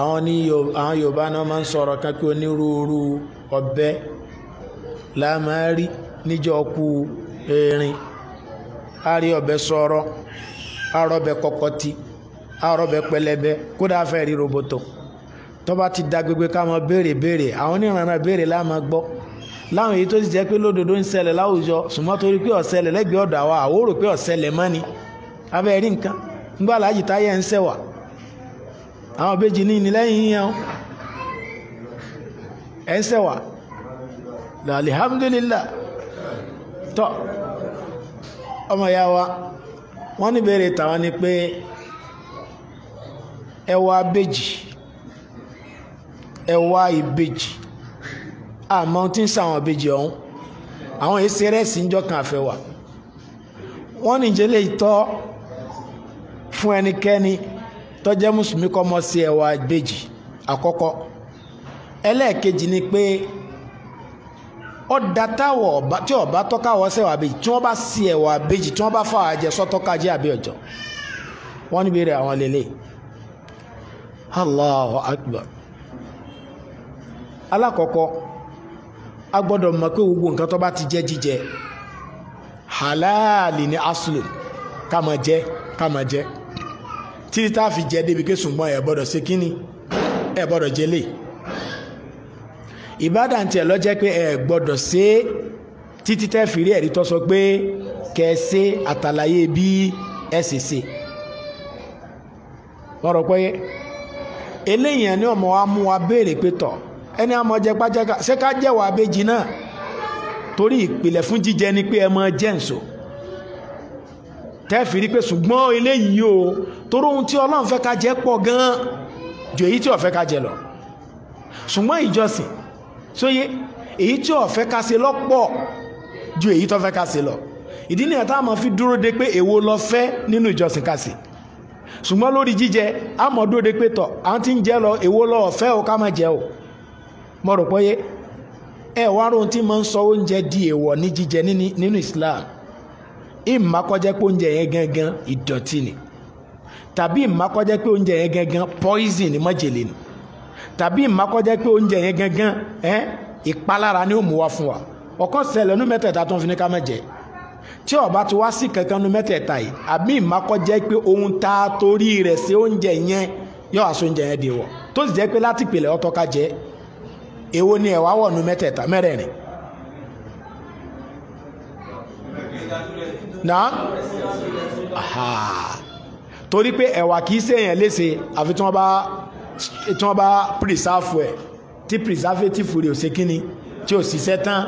àwọn ní àwọn yorùbá náà máa ń sọ̀rọ̀ kan pé onírúurú ọ̀bẹ la máa rí níjọ́ ku erin a rí ọ̀bẹ sọ̀rọ̀ a rọ̀bẹ kọkọtì a rọ̀bẹ pẹlẹbẹ kódà rí roboto tó ti da gbégbé ká máa béèrè béèrè àwọn béèrè la máa gbọ́ láwọn èyí tó ti jẹ́ pé lódodo ń láwùjọ torí pé lẹ́gbẹ̀ẹ́ ọ̀dọ̀ àwa àwòrò pé àwọn ìbejì ní ìnilẹ́yìn yẹn ẹ̀ ń sẹ́wà alhamdulillah tọ́ ọmọ ìyá wa wọ́n ní béèrè tàwọn ni pé ẹwà ìbejì ẹwà ìbejì àmọ́ tí ń sàwọn ìbejì ọ̀hún àwọn èsì rẹ̀sì ń jọ àfẹ́wà wọ́n ní ìjẹ́lẹ̀ ìtọ́ fún ẹnikẹ́ni tọjẹ musulmi mùsùlùmí kọ́ mọ́ sí ẹwà ìbejì ni pé ọ̀dà táwọ̀ tí ọba tọ́káwọ́ sẹ̀wà ìbejì tí wọ́n bá sí ẹwà beji tí wọ́n bá fà sọ jẹ sọ́tọ́kájẹ́ àbí ọjọ wọn níbi rẹ̀ àwọn lélẹ̀ Allahu Akbar alákọ̀ọ́kọ́ a pé gbogbo nǹkan tó bá ti jíjẹ títí tá a fi jẹ débi pé ṣùgbọ́n ẹ̀ gbọ́dọ̀ ṣe kínní ẹ̀ gbọ́dọ̀ jẹ lè ìbádàn tiẹ̀ lọ jẹ́ pé ẹ̀ gbọ́dọ̀ ṣe é títí tẹ́ fi rí ẹ̀rí tó sọ pé kẹ́ ẹ àtàlàyé bí ẹ sì ṣe wọ́n rọ pé eléyìí ni ọmọ wa mú wa béèrè pé tọ̀ ẹni àmọ́ jẹ pàjẹ́ ṣé ká jẹ́wọ́ abéjì náà torí ìpìlẹ̀ fún jíjẹ ni pé ẹ mọ jẹ́ tẹ́ẹ̀fì rí pé ṣùgbọ́n eléyìí o torí ohun tí ọlọ́run fẹ́ ká jẹ pọ̀ gan-an ju èyí tí ó fẹ́ ká jẹ lọ ṣùgbọ́n ìjọsìn sóyé èyí tí ó fẹ́ ká ṣe lọ́pọ̀ ju èyí tó fẹ́ ká ṣe lọ ìdí nìyẹn tá a máa fi dúró de pé èwo ló fẹ́ nínú ìjọsìn ká ṣe ṣùgbọ́n lórí jíjẹ a mọ̀ dúró de pé tọ̀ à ń ti ń jẹ lọ èwo ló fẹ́ o ká má jẹ o mo rò pé ẹ wá rohun tí mo ń sọ oúnjẹ di èèwọ̀ ní jíjẹ nínú Islam ìmọ̀kọ́jẹ́ pé oúnjẹ yẹn ìdọ̀tí ni tàbí pé oúnjẹ yẹn gangan poison ni májèlé ni tàbí pé oúnjẹ yẹn gangan ni ó mú fún wa mẹ́tẹ̀ẹ̀ta tó ń ká jẹ tí wá sí kankan pé ohun tá a torí rẹ̀ sí oúnjẹ yẹn yóò wá sí oúnjẹ yẹn di wọ̀ tó sì jẹ́ pé láti pèlè ká èwo ni wọ̀ náà torí pé ẹ̀wà kì í ṣèyàn léṣe àfi tí wọ́n bá tí wọ́n bá pírísáfù ẹ̀ tí pírísáfẹ́tìfù rẹ̀ ò ṣe kíni tí ò ṣiṣẹ́ tán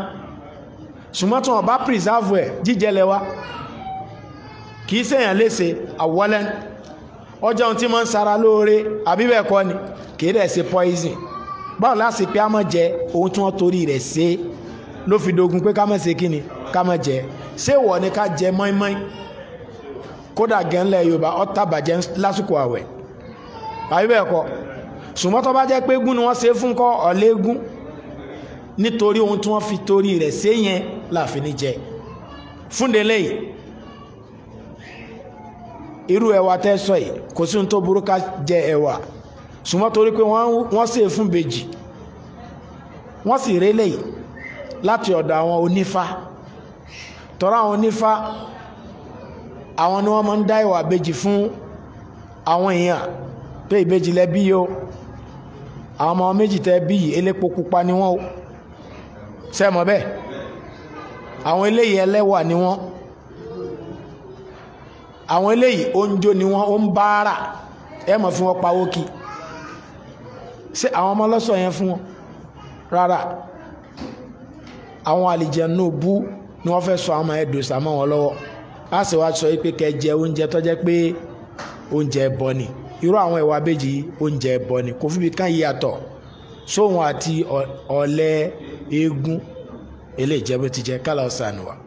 ṣùgbọ́n tí wọ́n bá pírísáfù ẹ̀ jíjẹ lẹ́wà kì í ṣèyàn léṣe àwọ́lẹ́n ọjọ́ ohun tí wọ́n ń sara lóore àbí bẹ́ẹ̀ kọ́ ni kì í dẹ̀ ṣe poison báwo láti pé a mọ̀ jẹ ohun tí wọ́n torí rẹ̀ ṣe ló fi dogun pé ká má ṣe kíni ká má jẹ ṣé wọ̀ ni ká jẹ mọ́ínmọ́ín kódà gẹ́ńlẹ̀ yorùbá ọ̀tá bàjẹ́ lásìkò àwẹ̀ àbí bẹ́ẹ̀ kọ́ ṣùgbọ́n tó bá jẹ́ pé gún ni wọ́n ṣe fún kọ́ ọ̀lẹ́gún nítorí ohun tí wọ́n fi torí rẹ̀ ṣe yẹn láàfin ní jẹ fúndélé yìí irú ẹ̀wà tẹ́ sọ yìí kò sí ohun tó burú ká jẹ ẹ̀wà ṣùgbọ́n torí pé wọ́n ṣe fún bèjì wọ́n sì rélé yìí láti ọ̀dọ̀ àwọn onífá tọ́ra àwọn onífá àwọn ni wọ́n máa ń dá ìwà ìbejì fún àwọn èèyàn pé ìbejì lẹ́bí yìí o àwọn ọmọ méjì tẹ́ bí yìí elépo pupa ni wọ́n o sẹ́mọ̀ bẹ́ẹ̀ àwọn eléyìí ẹlẹ́wà ni wọ́n àwọn eléyìí oúnjẹ ni wọ́n ó ń báárà ẹ mọ̀ fún wọn pawó kí ṣé àwọn ọmọ lọ́sọ̀ yẹn fún wọn rárá àwọn àlìjẹ̀nù bú ni wọ́n fẹ́ sọ àwọn ọmọ yẹn dòṣà mọ́ wọn lọ́wọ́ á sì wá sọ pé kẹ́ jẹ oúnjẹ tó pé oúnjẹ ẹbọ ni irú àwọn ìwà abéjì oúnjẹ ẹbọ ni kò fíbi kan yíyàtọ̀ sóhun àti ọ̀lẹ́ eégún eléjẹ́ bó ti jẹ́ kálọ̀ sànùwà.